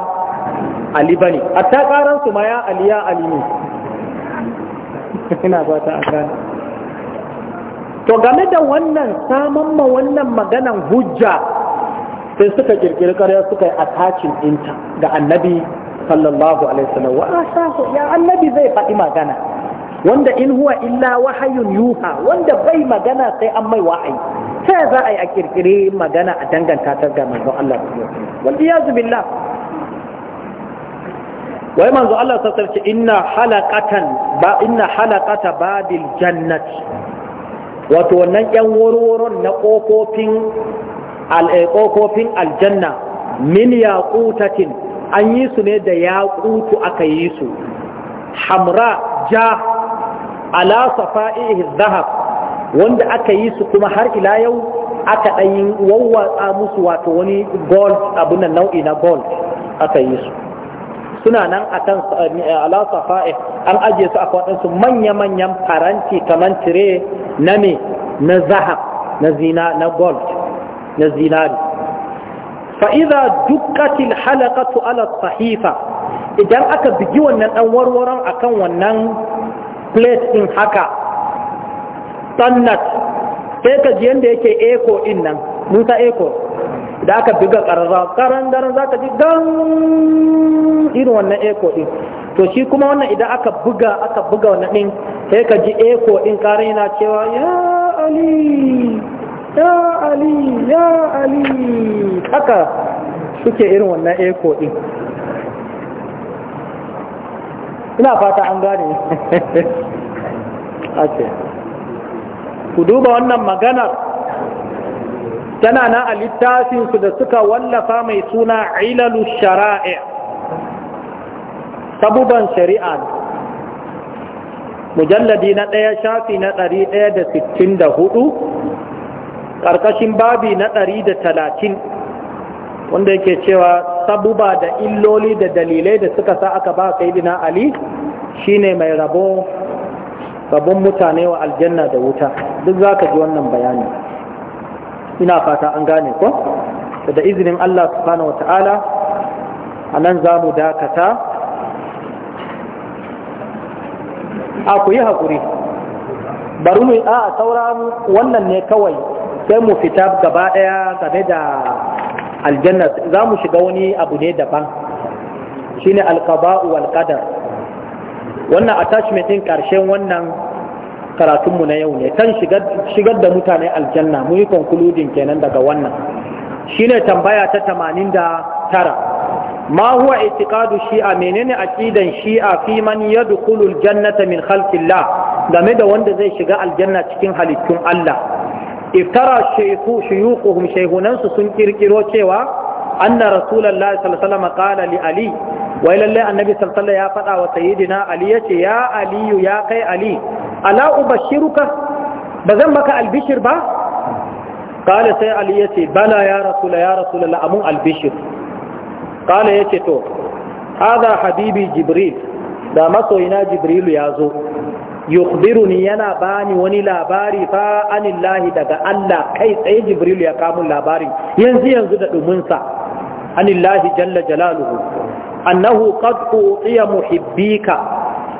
ali ba ne a ta karansu ma ya ali ya ali ne ina ba ta an gane to game da wannan saman ma wannan maganan hujja sai suka kirkiri karya suka yi attachin ɗinta ga annabi sallallahu alaihi wasallam wa asahu ya annabi zai faɗi magana wanda in huwa illa wahayun yuha wanda bai magana sai an mai wahayi sai za a yi a kirkiri magana a danganta ta ga manzo Allah wanda ya zubilla. wai manzo Allah ta sarki inna halaqatan ba inna halaqata babil jannat, wato wannan yan warwaron na kofofin al-kofofin eh, aljanna min yaqutatin an yi su ne da yaqutu aka yi su hamra ja ala safa'ihi dhahab wanda aka yi su kuma har ila yau aka ɗan yi wawwatsa musu wato wani gold abin nan nau'i na gold aka yi su suna nan akan eh, ala safa'i an ajiye su a waɗansu manya-manyan faranti kamar tire na me na zahab na zina na gold na zinari fa'iza dukkatil halakatu ala sahifa idan aka bigi wannan ɗan warwaron akan wannan place din haka sannat sai ka ji yadda yake eko din nan musa eko da aka buga ƙararra ƙaran daren za ka ji gan irin wannan eko din to shi kuma wannan idan aka buga aka buga wannan din sai ka ji eko din ƙaran yana cewa ya ali ya ali ya ali haka suke irin wannan eko din ina fata an gane ake ku duba wannan maganar tana na a littafinsu da suka wallafa mai suna ilalu shara'i sabuban shari'a mujalladi na ɗaya shafi na ɗari ɗaya da sittin da hudu ƙarƙashin babi na ɗari da talatin wanda yake cewa sabuba da illoli da dalilai da suka sa aka ba dina ali shine mai rabo rabon mutane wa aljanna da wuta duk za ka ji wannan bayani ina fata an gane ko da izinin Allah subhanahu wa ta'ala a nan za mu dakata a ku yi haƙuri bari mu a sauran wannan ne kawai sai mu fita gaba ɗaya game da aljanna za mu shiga wani abu ne daban shine alqaba'u wal qadar wannan attachment din karshen wannan karatunmu na yau ne kan shigar da mutane aljanna mu yi concluding kenan daga wannan shine tambaya ta tamanin da tara ma huwa itiqadu shi'a menene aqidan shi'a fi man yadkhulu aljannata min khalqillah game da wanda zai shiga aljanna cikin halittun Allah iftara shayku shuyuquhum shaykhunan sun kirkiro cewa anna rasulullahi sallallahu alaihi wasallam qala li ali wai lalle annabi sallallahu ya faɗa wa sayyidina ali yace ya aliyu ya kai ali ala ubashiruka ba zan baka albishir ba kala sai ali yace bala ya rasula ya rasulullah amun albishir kala yace to hada habibi jibril da masoyina Jibrilu ya zo yukhbiruni yana bani wani labari fa anillahi daga Allah kai tsaye Jibril ya kamun labarin yanzu yanzu da duminsa anillahi jalla jalaluhu annahu qad utiya muhibbika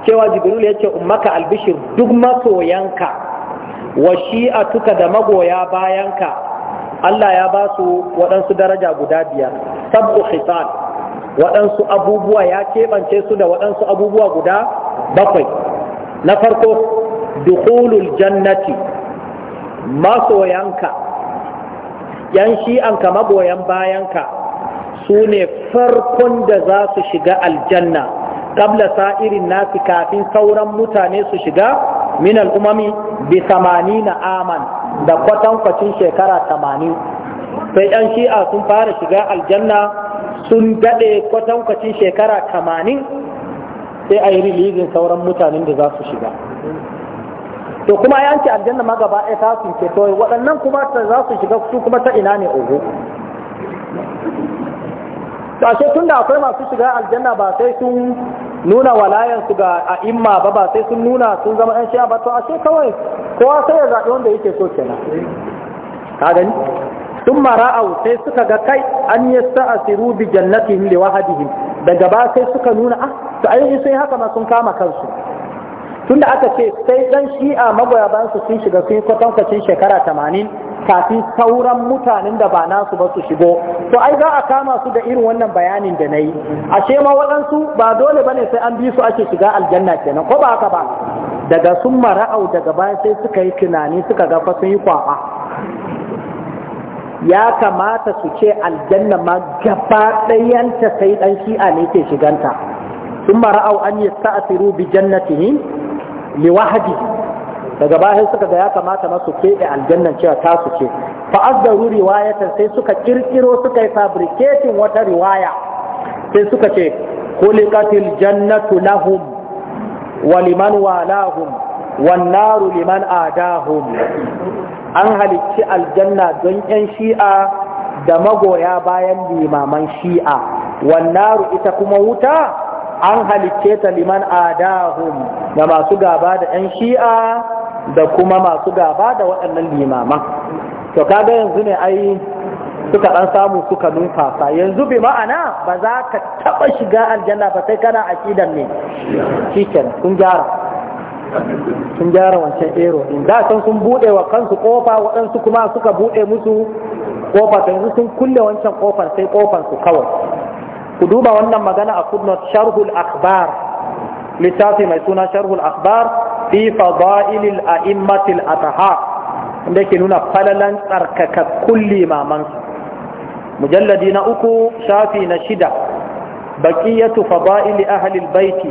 cewa Jibril ya ce ummaka albishir duk masoyanka wa shi'atuka da magoya bayanka Allah ya ba su waɗansu daraja guda biyar sabu khitan waɗansu abubuwa ya keɓance su da waɗansu abubuwa guda bakwai na farko dukulul jannati masoyanka yan shi'anka magoyan bayanka su ne farkon da za su shiga aljanna kabla sa'irin nasi kafin sauran mutane su shiga min al'umami bi na aman da kwatankwacin shekara tamanin sai yan shi'a sun fara shiga aljanna sun daɗe kwatankwacin shekara tamanin sai a yi rilizin sauran mutanen da za su shiga to kuma ya ce aljanna ma gaba ɗaya ta sun to waɗannan kuma za su shiga su kuma ta ina ne ogo to ashe tun da akwai masu shiga aljanna ba sai sun nuna walayensu ga a'imma ba ba sai sun nuna sun zama ɗan shi'a ba to ashe kawai kowa sai ya zaɓi wanda yake so kenan ka gani sun mara'au sai suka ga kai an yi sa'asiru bi jannatihim li wahadihim daga ba sai suka nuna ah to ayyuka sai haka ma sun kama kansu tunda aka ce sai dan shi'a magoya bayan su sun shiga sun yi kwatankwacin shekara tamanin kafin sauran mutanen da ba nasu ba su shigo to ai za a kama su da irin wannan bayanin da na yi ashe ma waɗansu ba dole ba ne sai an bi su ake shiga aljanna kenan ko ba haka ba daga sun mara'au daga bayan sai suka yi tunani suka ga fa sun yi kwafa ya kamata su ce aljanna ma gaba ɗayanta sai ɗan shi'a ne ke shiganta sun mara'au an yi sa'asiru bi jannatihim li wahadi daga bayan suka ga ya kamata ma su keɓe aljannan cewa ta su ce fa azzaru riwayatan sai suka kirkiro suka yi fabricating wata riwaya sai suka ce khuliqatil jannatu lahum wa liman walahum wannaru liman adahum an halicci aljanna don 'yan shi'a da magoya bayan limaman shi'a wannaru ita kuma wuta an halicce ta liman adahum da masu gaba da 'yan shi'a da kuma masu gaba da waɗannan limaman to kaga yanzu ne ai suka ɗan samu suka numfasa yanzu bi ma'ana ba za ka taɓa shiga aljanna ba sai kana aƙidan ne shi kun gyara sun gyara wancan ero din da san sun bude wa kansu kofa waɗansu kuma suka bude musu kofa ta yanzu sun kulle wancan kofar sai kofar su kawai ku duba wannan magana a footnote sharhul akhbar littafi mai suna sharhul akhbar fi fadailil a'immatil ataha inda ke nuna falalan tsarkaka kulli maman mujalladi na uku shafi na shida baqiyatu fadaili ahli albayti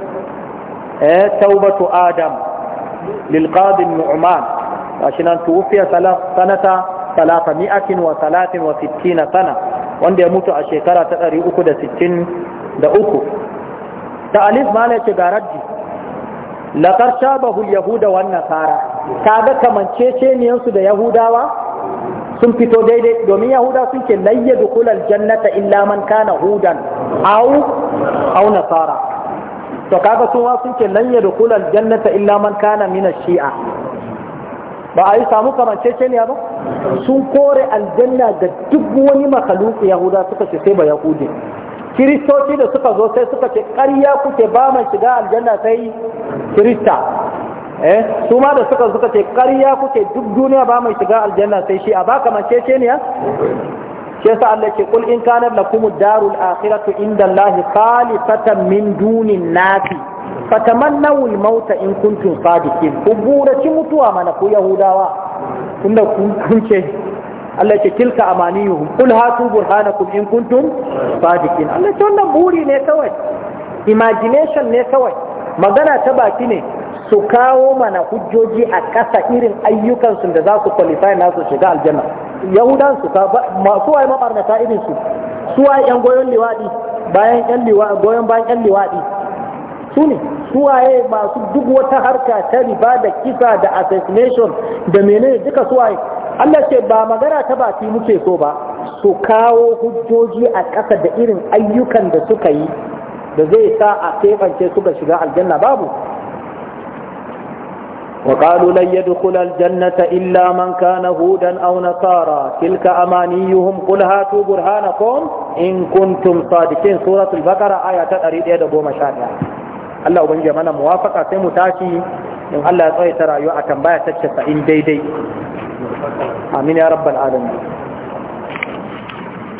eh taubatu adam للقاضي النعمان عشان توفي سنة 363 سنة wanda ya mutu a shekara ta 363 ta'alif ma ne ce ga raddi laqad shabahu al-yahuda wan nasara kaga kamanceceniyan su da yahudawa sun fito daidai domin Yahudawa sun ce layya dukulal jannata illa man kana hudan aw aw nasara to kaga sun wa sun ce da kula aljannata illa man kana mina shia ba a yi samu kamanceceniya ba sun kore aljanna da duk wani makaluki yahuda suka ce sai ba yahudi kiristoci da suka zo sai suka ce ƙarya kuke ba mai shiga aljanna sai kirista eh su ma da suka suka ce ƙarya kuke duk duniya ba mai shiga aljanna sai Shi'a ba kamancece ba kamanceceniya shi yasa Allah ce kul in kana lakum darul akhiratu inda Allah khalifatan min dunin nasi fatamannaw al mauta in kuntum sadiqin ku buraci mutuwa mana ku yahudawa tunda kun ce Allah ce tilka amaniyuhum kul hatu burhanakum in kuntum sadiqin Allah ce wannan buri ne kawai imagination ne kawai magana ta baki ne su kawo mana hujjoji a ƙasa irin ayyukansu da za su kwalifai na su shiga aljanna yahudan su ka masu waye mabarnata irin su su waye yan goyon liwadi bayan yan liwaɗi, goyon bayan yan liwadi su ne su waye masu duk wata harka ta riba da kisa da assassination da menene duka su waye Allah ce ba magana ta baki muke so ba su kawo hujjoji a ƙasa da irin ayyukan da suka yi da zai sa a kefance su ga shiga aljanna babu وقالوا لن يدخل الجنة إلا من كان هودا أو نصارى تلك أمانيهم قل هاتوا برهانكم إن كنتم صادقين سورة البقرة آية تأريد يدبو مشاهدها الله أبن جمعنا موافقة سمتاكي إن الله يطوي ترى يؤكم باية تجسع إن ديدي آمين يا رب العالمين